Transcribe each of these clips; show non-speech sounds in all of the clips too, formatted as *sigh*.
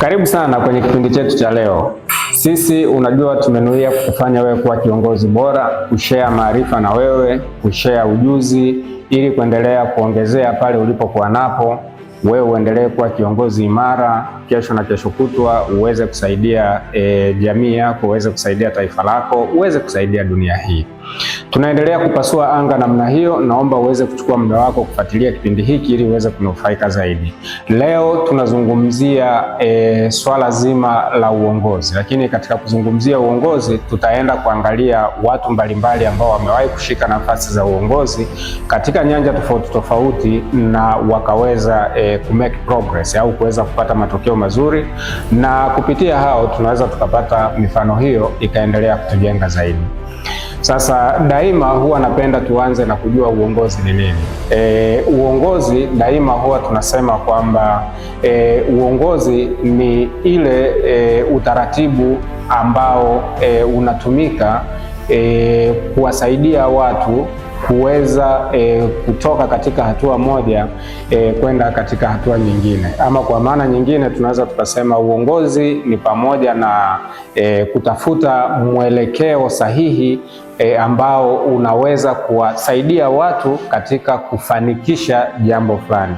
Karibu sana kwenye kipindi chetu cha leo. Sisi unajua, tumenuia kufanya wewe kuwa kiongozi bora, kushare maarifa na wewe, kushare ujuzi ili kuendelea kuongezea pale ulipokuwa napo, wewe uendelee kuwa kiongozi imara, kesho na kesho kutwa uweze kusaidia e, jamii yako, uweze kusaidia taifa lako, uweze kusaidia dunia hii. Tunaendelea kupasua anga namna hiyo. Naomba uweze kuchukua muda wako kufuatilia kipindi hiki ili uweze kunufaika zaidi. Leo tunazungumzia e, swala zima la uongozi, lakini katika kuzungumzia uongozi tutaenda kuangalia watu mbalimbali ambao wamewahi kushika nafasi za uongozi katika nyanja tofauti tofauti na wakaweza e, eh, kumake progress au kuweza kupata matokeo mazuri, na kupitia hao tunaweza tukapata mifano hiyo ikaendelea kutujenga zaidi. Sasa daima huwa napenda tuanze na kujua uongozi ni nini. E, uongozi daima huwa tunasema kwamba e, uongozi ni ile e, utaratibu ambao e, unatumika e, kuwasaidia watu kuweza e, kutoka katika hatua moja e, kwenda katika hatua nyingine. Ama kwa maana nyingine tunaweza tukasema uongozi ni pamoja na e, kutafuta mwelekeo sahihi e, ambao unaweza kuwasaidia watu katika kufanikisha jambo fulani.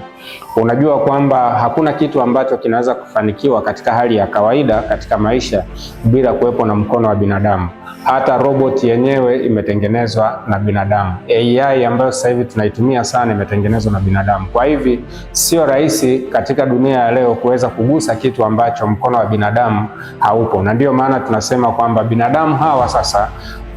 Unajua kwamba hakuna kitu ambacho kinaweza kufanikiwa katika hali ya kawaida katika maisha bila kuwepo na mkono wa binadamu hata robot yenyewe imetengenezwa na binadamu. AI ambayo sasa hivi tunaitumia sana imetengenezwa na binadamu. Kwa hivi sio rahisi katika dunia ya leo kuweza kugusa kitu ambacho mkono wa binadamu haupo, na ndiyo maana tunasema kwamba binadamu hawa sasa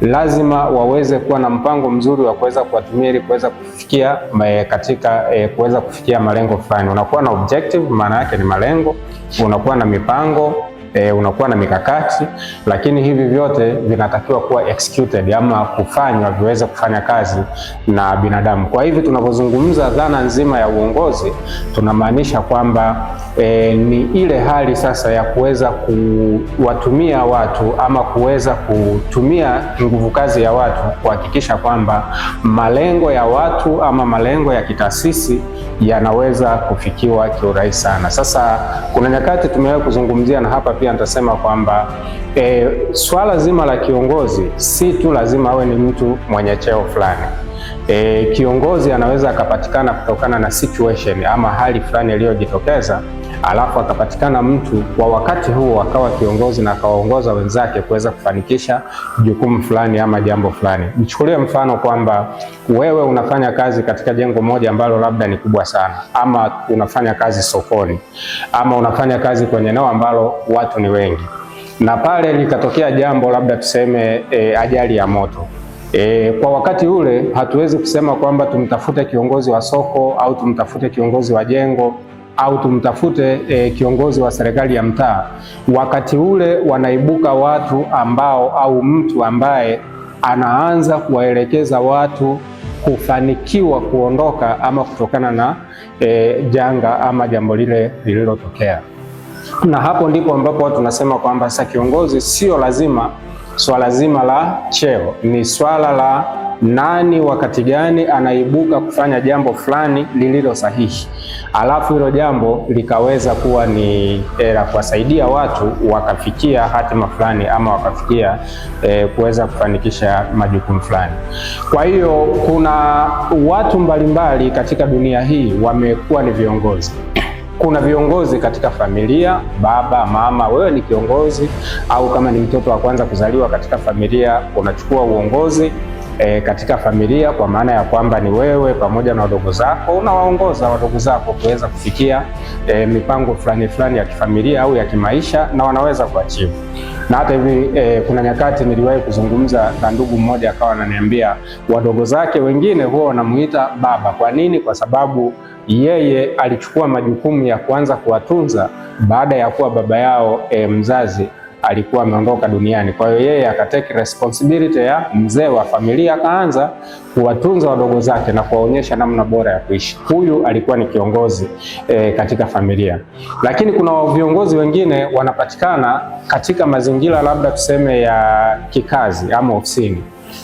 lazima waweze kuwa na mpango mzuri wa kuweza kuwatumia ili kuweza kufikia eh, katika eh, kuweza kufikia malengo fulani. Unakuwa na objective, maana yake ni malengo, unakuwa na mipango e, unakuwa na mikakati, lakini hivi vyote vinatakiwa kuwa executed ama kufanywa viweze kufanya kazi na binadamu. Kwa hivyo tunapozungumza dhana nzima ya uongozi tunamaanisha kwamba e, ni ile hali sasa ya kuweza kuwatumia watu ama kuweza kutumia nguvu kazi ya watu kuhakikisha kwamba malengo ya watu ama malengo ya kitaasisi yanaweza kufikiwa kiurahisi sana. Sasa kuna nyakati tumewahi kuzungumzia na hapa pia nitasema kwamba e, swala zima la kiongozi si tu lazima awe ni mtu mwenye cheo fulani. E, kiongozi anaweza akapatikana kutokana na situation ama hali fulani iliyojitokeza alafu akapatikana mtu kwa wakati huo akawa kiongozi na akawaongoza wenzake kuweza kufanikisha jukumu fulani ama jambo fulani. Mchukulie mfano kwamba wewe unafanya kazi katika jengo moja ambalo labda ni kubwa sana, ama unafanya kazi sokoni, ama unafanya kazi kwenye eneo ambalo watu ni wengi, na pale likatokea jambo labda tuseme e, ajali ya moto. E, kwa wakati ule hatuwezi kusema kwamba tumtafute kiongozi wa soko au tumtafute kiongozi wa jengo au tumtafute e, kiongozi wa serikali ya mtaa. Wakati ule wanaibuka watu ambao au mtu ambaye anaanza kuwaelekeza watu kufanikiwa kuondoka ama kutokana na e, janga ama jambo lile lililotokea, na hapo ndipo ambapo watu tunasema kwamba sasa kiongozi sio lazima swala zima la cheo, ni swala la nani wakati gani anaibuka kufanya jambo fulani lililo sahihi, alafu hilo jambo likaweza kuwa ni eh, la kuwasaidia watu wakafikia hatima fulani ama wakafikia e, kuweza kufanikisha majukumu fulani. Kwa hiyo kuna watu mbalimbali katika dunia hii wamekuwa ni viongozi kuna viongozi katika familia, baba, mama, wewe ni kiongozi, au kama ni mtoto wa kwanza kuzaliwa katika familia unachukua uongozi e, katika familia, kwa maana ya kwamba ni wewe pamoja na wadogo zako unawaongoza wadogo zako kuweza kufikia e, mipango fulani fulani ya kifamilia au ya kimaisha, na wanaweza kuachivu na hata hivi e, kuna nyakati niliwahi kuzungumza na ndugu mmoja akawa ananiambia wadogo zake wengine huwa wanamuita baba. Kwa nini? Kwa sababu yeye alichukua majukumu ya kuanza kuwatunza baada ya kuwa baba yao e, mzazi alikuwa ameondoka duniani. Kwa hiyo yeye akateki responsibility ya mzee wa familia, akaanza kuwatunza wadogo zake na kuwaonyesha namna bora ya kuishi. Huyu alikuwa ni kiongozi e, katika familia, lakini kuna viongozi wengine wanapatikana katika mazingira labda tuseme ya kikazi ama ofisini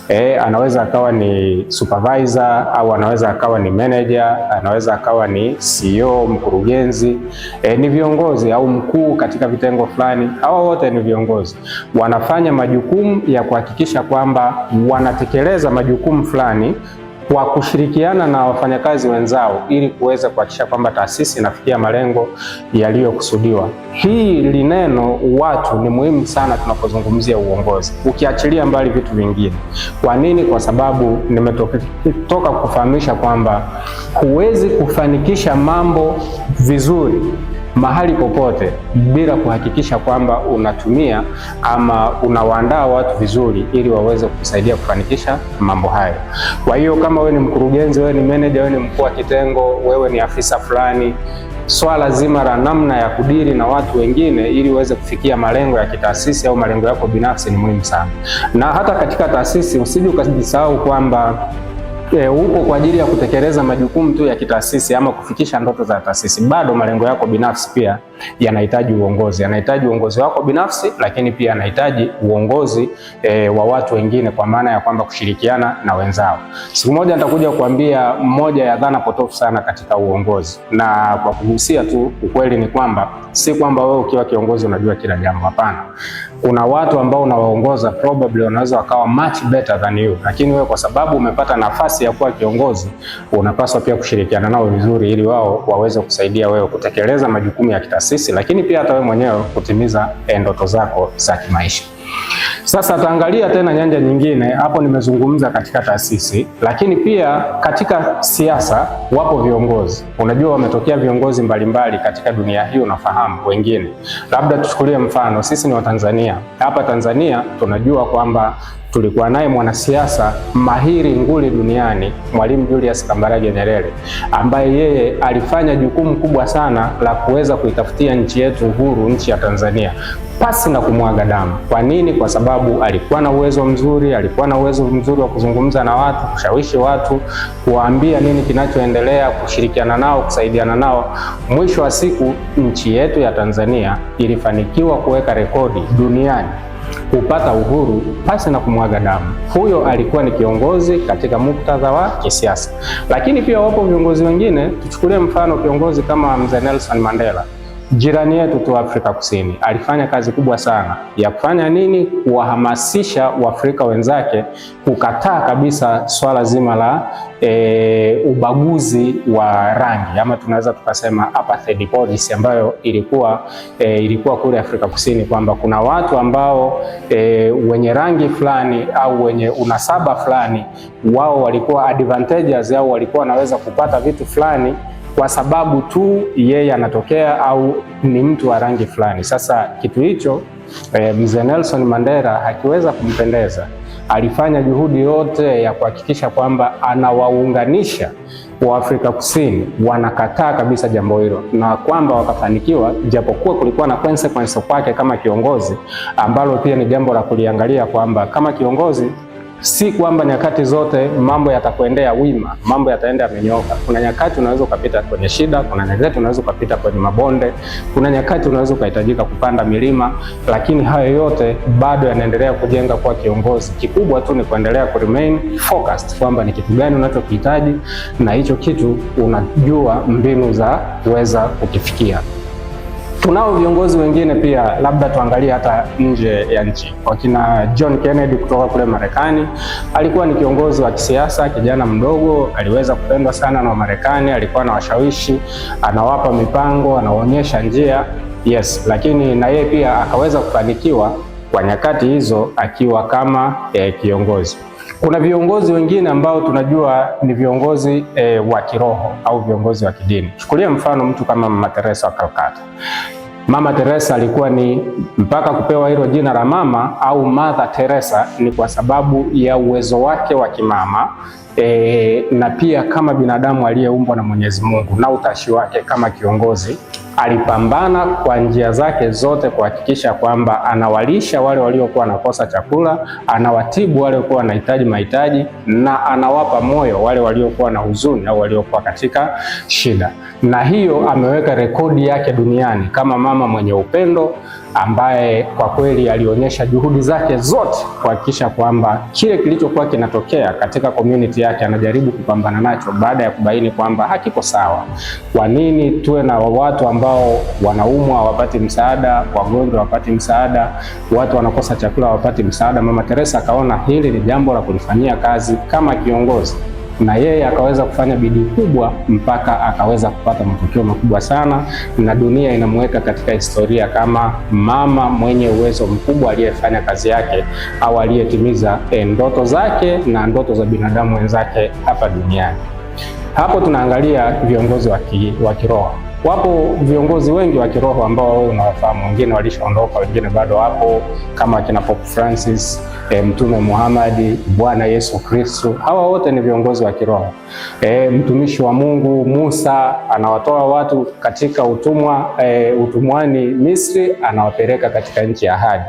E, anaweza akawa ni supervisor au anaweza akawa ni manager, anaweza akawa ni CEO, mkurugenzi e, ni viongozi au mkuu katika vitengo fulani. Hawa wote ni viongozi, wanafanya majukumu ya kuhakikisha kwamba wanatekeleza majukumu fulani kwa kushirikiana na wafanyakazi wenzao ili kuweza kuhakikisha kwamba taasisi inafikia malengo yaliyokusudiwa. hii lineno watu ni muhimu sana tunapozungumzia uongozi, ukiachilia mbali vitu vingine. Kwa nini? Kwa sababu nimetoka kufahamisha kwamba huwezi kufanikisha mambo vizuri mahali popote bila kuhakikisha kwamba unatumia ama unawaandaa watu vizuri ili waweze kusaidia kufanikisha mambo hayo. Kwa hiyo kama wewe ni mkurugenzi, wewe ni meneja, wewe ni mkuu wa kitengo, wewe ni afisa fulani, swala zima la namna ya kudiri na watu wengine ili uweze kufikia malengo ya kitaasisi au malengo yako binafsi ni muhimu sana. Na hata katika taasisi usije ukajisahau kwamba e, eh, upo kwa ajili ya kutekeleza majukumu tu ya kitaasisi ama kufikisha ndoto za taasisi, bado malengo yako binafsi pia yanahitaji uongozi, yanahitaji uongozi wako binafsi, lakini pia yanahitaji uongozi e, wa watu wengine, kwa maana ya kwamba kushirikiana na wenzao. Siku moja nitakuja kuambia moja ya dhana potofu sana katika uongozi, na kwa kugusia tu, ukweli ni kwamba si kwamba wewe ukiwa kiongozi unajua kila jambo, hapana. Kuna watu ambao unawaongoza probably wanaweza wakawa much better than you, lakini wewe kwa sababu umepata nafasi ya kuwa kiongozi, unapaswa pia kushirikiana nao vizuri, ili wao waweze kusaidia wewe kutekeleza majukumu ya kitasi sisi, lakini pia hata wewe mwenyewe kutimiza eh, ndoto zako za kimaisha. Sasa taangalia tena nyanja nyingine. Hapo nimezungumza katika taasisi, lakini pia katika siasa wapo viongozi. Unajua, wametokea viongozi mbalimbali mbali katika dunia hii, unafahamu wengine. Labda tuchukulie mfano, sisi ni Watanzania. Hapa Tanzania tunajua kwamba tulikuwa naye mwanasiasa mahiri nguli duniani Mwalimu Julius Kambarage Nyerere, ambaye yeye alifanya jukumu kubwa sana la kuweza kuitafutia nchi yetu uhuru, nchi ya Tanzania pasi na kumwaga damu. Kwa nini? Kwa sababu alikuwa na uwezo mzuri, alikuwa na uwezo mzuri wa kuzungumza na watu, kushawishi watu, kuwaambia nini kinachoendelea, kushirikiana nao, kusaidiana nao. Mwisho wa siku nchi yetu ya Tanzania ilifanikiwa kuweka rekodi duniani kupata uhuru pasi na kumwaga damu. Huyo alikuwa ni kiongozi katika muktadha wa kisiasa, lakini pia wapo viongozi wengine. Tuchukulie mfano kiongozi kama mzee Nelson Mandela. Jirani yetu tu Afrika Kusini alifanya kazi kubwa sana ya kufanya nini? Kuwahamasisha Waafrika wenzake kukataa kabisa swala zima la e, ubaguzi wa rangi ama tunaweza tukasema apartheid policy ambayo ilikuwa, e, ilikuwa kule Afrika Kusini kwamba kuna watu ambao e, wenye rangi fulani au wenye unasaba fulani wao walikuwa advantages au walikuwa wanaweza kupata vitu fulani kwa sababu tu yeye anatokea au ni mtu wa rangi fulani. Sasa kitu hicho e, mzee Nelson Mandela hakiweza kumpendeza. Alifanya juhudi yote ya kuhakikisha kwamba anawaunganisha wa afrika Kusini wanakataa kabisa jambo hilo, na kwamba wakafanikiwa, japokuwa kulikuwa na consequence kwake kama kiongozi, ambalo pia ni jambo la kuliangalia kwamba kama kiongozi Si kwamba nyakati zote mambo yatakuendea wima, mambo yataenda yamenyoka. Kuna nyakati unaweza ukapita kwenye shida, kuna nyakati unaweza ukapita kwenye mabonde, kuna nyakati unaweza ukahitajika kupanda milima, lakini hayo yote bado yanaendelea kujenga kuwa kiongozi. Kikubwa tu ni kuendelea ku remain focused kwamba ni kitu gani unachokihitaji na hicho kitu unajua mbinu za kuweza kukifikia. Tunao viongozi wengine pia, labda tuangalie hata nje ya nchi, wakina John Kennedy kutoka kule Marekani. Alikuwa ni kiongozi wa kisiasa, kijana mdogo, aliweza kupendwa sana na Wamarekani, alikuwa na washawishi, anawapa mipango, anaonyesha njia, yes, lakini na yeye pia akaweza kufanikiwa kwa nyakati hizo akiwa kama eh, kiongozi. Kuna viongozi wengine ambao tunajua ni viongozi e, wa kiroho au viongozi wa kidini. Chukulia mfano mtu kama Mama Teresa wa Calcutta. Mama Teresa alikuwa ni mpaka kupewa hilo jina la mama au Mother Teresa ni kwa sababu ya uwezo wake wa kimama e, na pia kama binadamu aliyeumbwa na Mwenyezi Mungu na utashi wake kama kiongozi alipambana kwa njia zake zote kuhakikisha kwamba anawalisha wale waliokuwa wanakosa chakula, anawatibu wale waliokuwa wanahitaji mahitaji, na anawapa moyo wale waliokuwa na huzuni au waliokuwa katika shida na hiyo ameweka rekodi yake duniani kama mama mwenye upendo ambaye kwa kweli alionyesha juhudi zake zote kuhakikisha kwamba kile kilichokuwa kinatokea katika community yake anajaribu kupambana nacho, baada ya kubaini kwamba hakiko sawa. Kwa nini tuwe na watu ambao wanaumwa wapati msaada, wagonjwa wapati msaada, watu wanakosa chakula wapati msaada? Mama Teresa akaona hili ni jambo la kulifanyia kazi kama kiongozi na yeye akaweza kufanya bidii kubwa mpaka akaweza kupata matokeo makubwa sana, na dunia inamweka katika historia kama mama mwenye uwezo mkubwa aliyefanya kazi yake au aliyetimiza e, ndoto zake na ndoto za binadamu wenzake hapa duniani. Hapo tunaangalia viongozi wa kiroho. Wapo viongozi wengi wa kiroho ambao unawafahamu, wengine walishaondoka, wengine bado wapo, kama kina Pope Francis, e, Mtume Muhammad, Bwana Yesu Kristo. Hawa wote ni viongozi wa kiroho e, mtumishi wa Mungu Musa anawatoa watu katika utumwa e, utumwani Misri, anawapeleka katika nchi ya ahadi.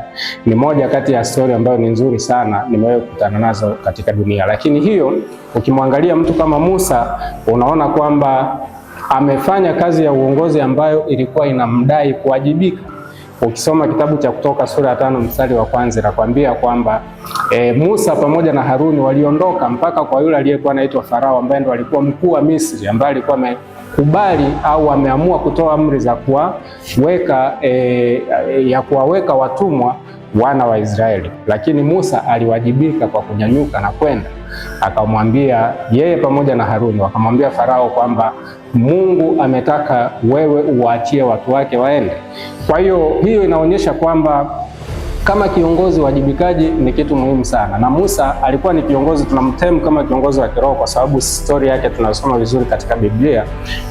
Ni moja kati ya stori ambayo ni nzuri sana, nimewahi kukutana nazo katika dunia. Lakini hiyo ukimwangalia mtu kama Musa unaona kwamba amefanya kazi ya uongozi ambayo ilikuwa inamdai kuwajibika. Ukisoma kitabu cha Kutoka sura ya tano mstari wa kwanza inakwambia kwamba e, Musa pamoja na Haruni waliondoka mpaka kwa yule aliyekuwa anaitwa Farao ambaye ndo alikuwa mkuu wa Misri ambaye alikuwa amekubali au ameamua kutoa amri za kuwaweka e, ya kuwaweka watumwa wana wa Israeli. Lakini Musa aliwajibika kwa kunyanyuka na kwenda akamwambia yeye pamoja na Haruni wakamwambia Farao kwamba Mungu ametaka wewe uwaachie watu wake waende. Kwa hiyo hiyo inaonyesha kwamba kama kiongozi uwajibikaji ni kitu muhimu sana, na Musa alikuwa ni kiongozi, tunamtem kama kiongozi wa kiroho kwa sababu stori yake tunasoma vizuri katika Biblia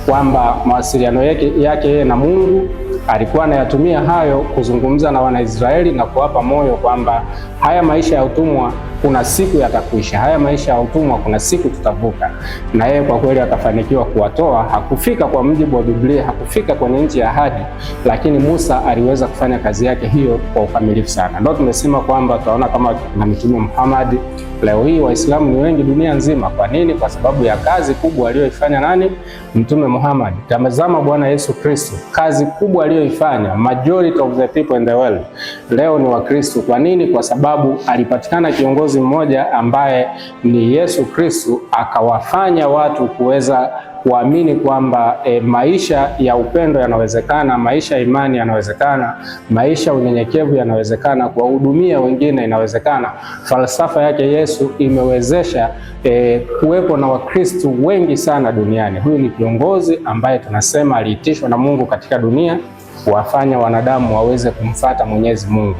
kwamba mawasiliano yake yeye na Mungu alikuwa anayatumia hayo kuzungumza na Wanaisraeli na kuwapa moyo kwamba haya maisha ya utumwa kuna siku yatakwisha. Haya maisha ya utumwa, kuna siku tutavuka. Na yeye kwa kweli akafanikiwa kuwatoa. Hakufika kwa mjibu wa Biblia, hakufika kwenye nchi ya ahadi, lakini Musa aliweza kufanya kazi yake hiyo kwa ukamilifu sana. Ndio tumesema kwamba tunaona kama na mtume Muhammad leo hii Waislamu ni wengi dunia nzima. Kwa nini? Kwa sababu ya kazi kubwa aliyoifanya nani? Mtume Muhammad. Tazama Bwana Yesu Kristo, kazi kubwa aliyoifanya. Majority of the people in the world leo ni Wakristo. Kwa nini? Kwa sababu alipatikana kiongozi kiongozi mmoja ambaye ni Yesu Kristo, akawafanya watu kuweza kuamini kwamba e, maisha ya upendo yanawezekana, maisha ya imani yanawezekana, maisha ya unyenyekevu yanawezekana, kuwahudumia wengine inawezekana. Falsafa yake Yesu imewezesha e, kuwepo na Wakristo wengi sana duniani. Huyu ni kiongozi ambaye tunasema aliitishwa na Mungu katika dunia kuwafanya wanadamu waweze kumfata Mwenyezi Mungu.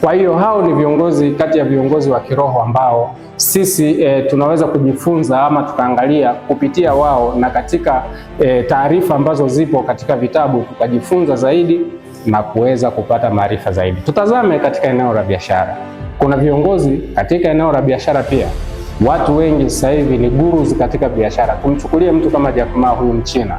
Kwa hiyo hao ni viongozi kati ya viongozi wa kiroho ambao sisi e, tunaweza kujifunza ama tukaangalia kupitia wao na katika e, taarifa ambazo zipo katika vitabu tukajifunza zaidi na kuweza kupata maarifa zaidi. Tutazame katika eneo la biashara. Kuna viongozi katika eneo la biashara pia. Watu wengi sasa hivi ni gurus katika biashara. Tumchukulie mtu kama Jack Ma, huyu Mchina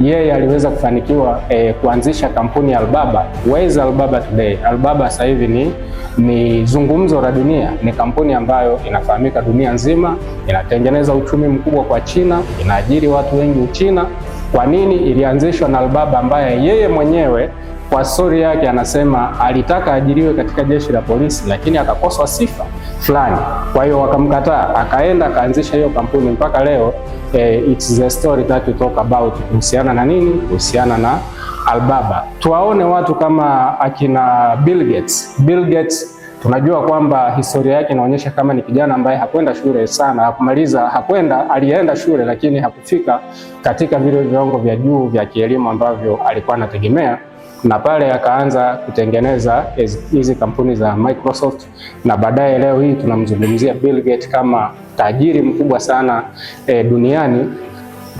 yeye aliweza kufanikiwa e, kuanzisha kampuni ya albaba Where is albaba today? Albaba sasa hivi ni, ni zungumzo la dunia, ni kampuni ambayo inafahamika dunia nzima, inatengeneza uchumi mkubwa kwa China, inaajiri watu wengi Uchina. Kwa nini? Ilianzishwa na albaba ambaye yeye mwenyewe kwa stori yake anasema alitaka ajiriwe katika jeshi la polisi, lakini akakoswa sifa fulani, kwa hiyo wakamkataa, akaenda akaanzisha hiyo kampuni mpaka leo. Eh, it's the story that you talk about kuhusiana na nini? Kuhusiana na Alibaba. Tuwaone watu kama akina Bill Gates. Bill Gates tunajua kwamba historia yake inaonyesha kama ni kijana ambaye hakwenda shule sana, hakumaliza, hakwenda, alienda shule lakini hakufika katika vile viwango vya juu vya kielimu ambavyo alikuwa anategemea na pale akaanza kutengeneza hizi kampuni za Microsoft, na baadaye leo hii tunamzungumzia Bill Gates kama tajiri mkubwa sana e, duniani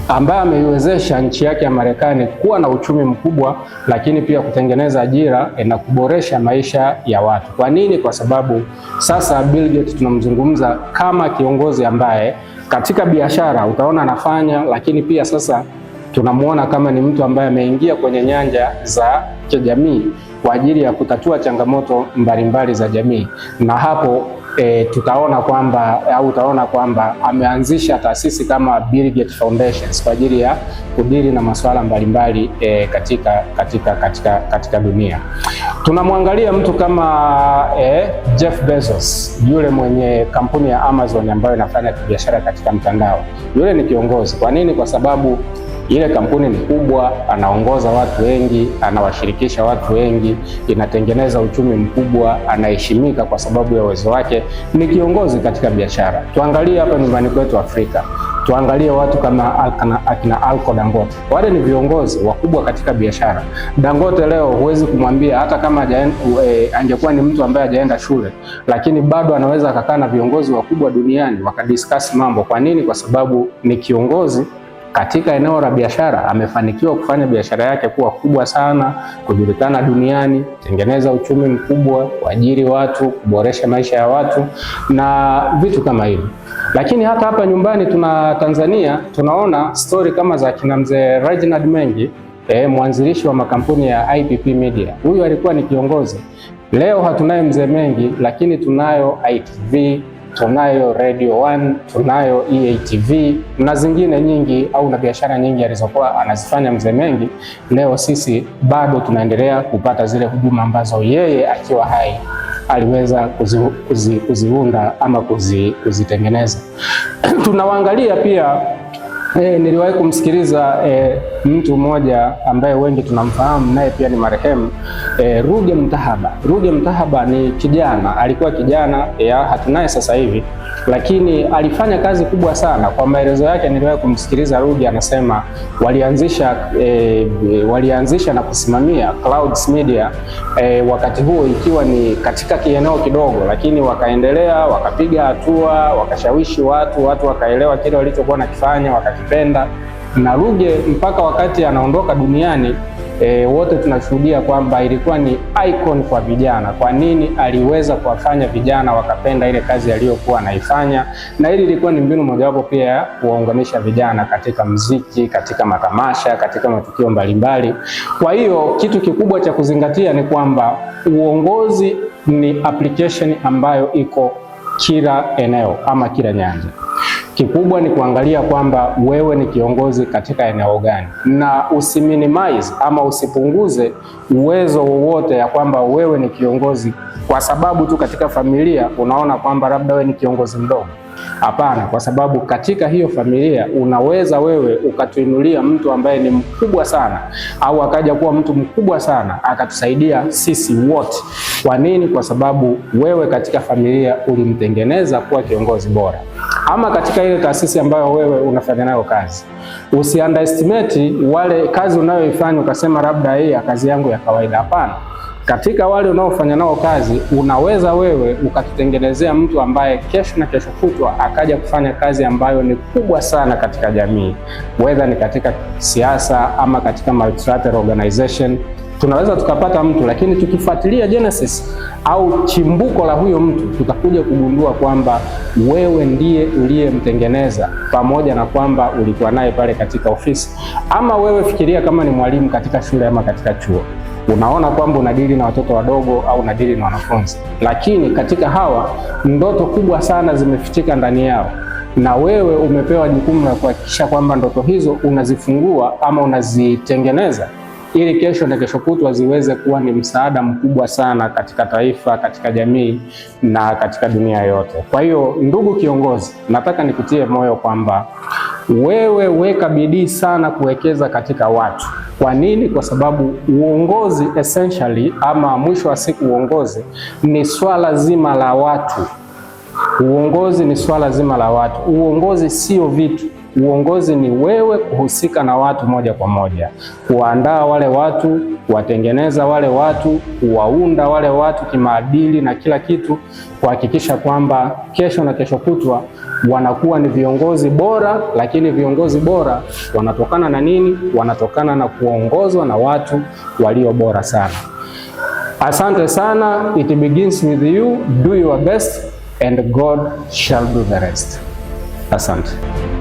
ambaye ameiwezesha nchi yake ya Marekani kuwa na uchumi mkubwa, lakini pia kutengeneza ajira e, na kuboresha maisha ya watu. Kwa nini? Kwa sababu sasa Bill Gates tunamzungumza kama kiongozi ambaye katika biashara utaona anafanya, lakini pia sasa tunamwona kama ni mtu ambaye ameingia kwenye nyanja za kijamii kwa ajili ya kutatua changamoto mbalimbali za jamii, na hapo e, tutaona kwamba au utaona kwamba ameanzisha taasisi kama Bill Gates Foundations kwa ajili ya kudili na masuala mbalimbali e, katika, katika, katika, katika dunia. Tunamwangalia mtu kama e, Jeff Bezos yule mwenye kampuni ya Amazon ambayo inafanya biashara katika mtandao. Yule ni kiongozi. Kwa nini? Kwa sababu ile kampuni ni kubwa, anaongoza watu wengi, anawashirikisha watu wengi, inatengeneza uchumi mkubwa, anaheshimika kwa sababu ya uwezo wake, ni kiongozi katika biashara. Tuangalie hapa nyumbani kwetu Afrika, tuangalie watu kama akina Alko Dangote, wale ni viongozi wakubwa katika biashara. Dangote leo huwezi kumwambia, hata kama e, angekuwa ni mtu ambaye hajaenda shule, lakini bado anaweza akakaa na viongozi wakubwa duniani wakadiscuss mambo. Kwa nini? Kwa sababu ni kiongozi katika eneo la biashara amefanikiwa kufanya biashara yake kuwa kubwa sana, kujulikana duniani, kutengeneza uchumi mkubwa, kuajiri watu, kuboresha maisha ya watu na vitu kama hivyo. Lakini hata hapa nyumbani tuna Tanzania tunaona stori kama za kina mzee Reginald Mengi eh, mwanzilishi wa makampuni ya IPP Media. Huyu alikuwa ni kiongozi. Leo hatunaye mzee Mengi, lakini tunayo ITV tunayo Radio One, tunayo EATV na zingine nyingi, au na biashara nyingi alizokuwa anazifanya mzee Mengi. Leo sisi bado tunaendelea kupata zile huduma ambazo yeye akiwa hai aliweza kuziunda kuzi, kuzi ama kuzitengeneza kuzi *clears throat* tunawaangalia pia. eh, niliwahi kumsikiliza eh, mtu mmoja ambaye wengi tunamfahamu naye pia ni marehemu e, Ruge mtahaba Ruge mtahaba ni kijana, alikuwa kijana ya hatunaye sasa hivi, lakini alifanya kazi kubwa sana. Kwa maelezo yake niliwahi kumsikiliza Ruge anasema walianzisha e, walianzisha na kusimamia Clouds Media e, wakati huo ikiwa ni katika kieneo kidogo, lakini wakaendelea, wakapiga hatua, wakashawishi watu, watu wakaelewa kile walichokuwa nakifanya, wakakipenda na Ruge mpaka wakati anaondoka duniani e, wote tunashuhudia kwamba ilikuwa ni icon kwa vijana. Kwa nini aliweza kuwafanya vijana wakapenda ile kazi aliyokuwa anaifanya? Na hili ilikuwa ni mbinu mojawapo pia ya kuwaunganisha vijana katika mziki, katika matamasha, katika matukio mbalimbali. Kwa hiyo kitu kikubwa cha kuzingatia ni kwamba uongozi ni application ambayo iko kila eneo ama kila nyanja. Kikubwa ni kuangalia kwamba wewe ni kiongozi katika eneo gani, na usiminimize ama usipunguze uwezo wowote ya kwamba wewe ni kiongozi kwa sababu tu katika familia unaona kwamba labda wewe ni kiongozi mdogo. Hapana, kwa sababu katika hiyo familia unaweza wewe ukatuinulia mtu ambaye ni mkubwa sana, au akaja kuwa mtu mkubwa sana akatusaidia sisi wote. Kwa nini? Kwa sababu wewe katika familia ulimtengeneza kuwa kiongozi bora, ama katika ile taasisi ambayo wewe unafanya nayo kazi. Usi underestimate wale kazi unayoifanya ukasema labda hii ya kazi yangu ya kawaida. Hapana katika wale unaofanya nao kazi, unaweza wewe ukatutengenezea mtu ambaye kesho na kesho kutwa akaja kufanya kazi ambayo ni kubwa sana katika jamii, wedha ni katika siasa ama katika multilateral organization tunaweza tukapata mtu lakini tukifuatilia genesis au chimbuko la huyo mtu tutakuja kugundua kwamba wewe ndiye uliyemtengeneza, pamoja na kwamba ulikuwa naye pale katika ofisi, ama wewe fikiria kama ni mwalimu katika shule ama katika chuo unaona kwamba unadili na watoto wadogo au unadili na wanafunzi, lakini katika hawa ndoto kubwa sana zimefichika ndani yao, na wewe umepewa jukumu la kuhakikisha kwamba ndoto hizo unazifungua ama unazitengeneza ili kesho na kesho kutwa ziweze kuwa ni msaada mkubwa sana katika taifa, katika jamii na katika dunia yote. Kwa hiyo, ndugu kiongozi, nataka nikutie moyo kwamba wewe weka bidii sana kuwekeza katika watu. Kwa nini? Kwa sababu uongozi essentially, ama mwisho wa siku, uongozi ni swala zima la watu. Uongozi ni swala zima la watu. Uongozi sio vitu Uongozi ni wewe kuhusika na watu moja kwa moja, kuwaandaa wale watu, kuwatengeneza wale watu, kuwaunda wale watu kimaadili na kila kitu, kuhakikisha kwamba kesho na kesho kutwa wanakuwa ni viongozi bora. Lakini viongozi bora wanatokana na nini? Wanatokana na kuongozwa na watu walio bora sana. Asante sana. It begins with you. Do your best and God shall do the rest. Asante.